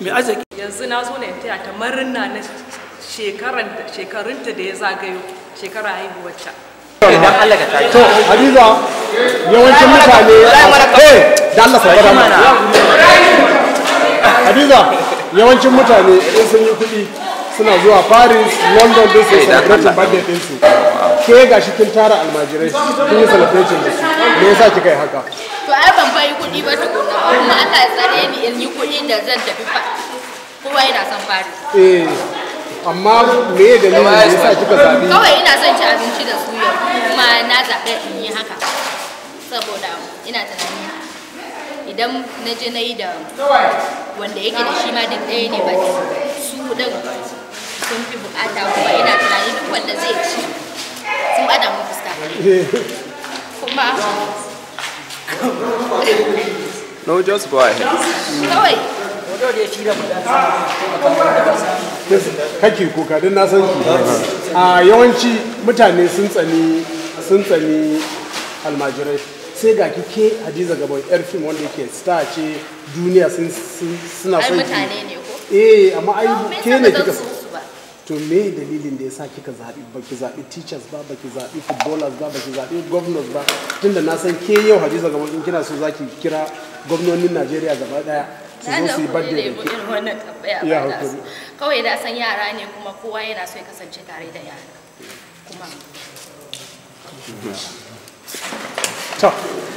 mai arziki yanzu na zo na in taya ta murna na shekarunta da ya zagayo shekara haihuwarta to hadiza yawancin mutane eh da Allah sabara mana hadiza yawancin mutane sun yi kuɗi suna zuwa paris london din su celebrating birthday din su ke gashi kin tara almajirai kin yi celebrating da su me yasa kika yi haka to ai ban bai kuɗi ba tukuna kuma aka ya tsare ni in yi kuɗi da zan tafi fa kowa yana son paris eh amma me da ne me yasa kika zabi kawai ina son ci abinci da su kuma na zabe in yi haka saboda ina tunani idan na je na yi da wanda yake da shi ma duk ɗaya ne ba su ɗin sun fi bukata kuma ina tunanin duk wanda zai ci sun bada mu fuska kuma no just go ahead kawai kake kuka na san a yawanci mutane sun tsani sun tsani almajirai sai ga ke hadiza gaban yar fim wanda yake star ce duniya suna son ki eh amma ai ke ne kika to me dalilin da ya sa kika zaɓi baki zaɓi teachers ba baki zaɓi footballers ba baki zaɓi governors ba tunda na san ke yau hadiza gaba in kina so zaki kira gwamnonin najeriya gaba daya su zo su yi birthday da ke ya hakuri kawai da san yara ne kuma kowa yana so ya kasance tare da yara kuma to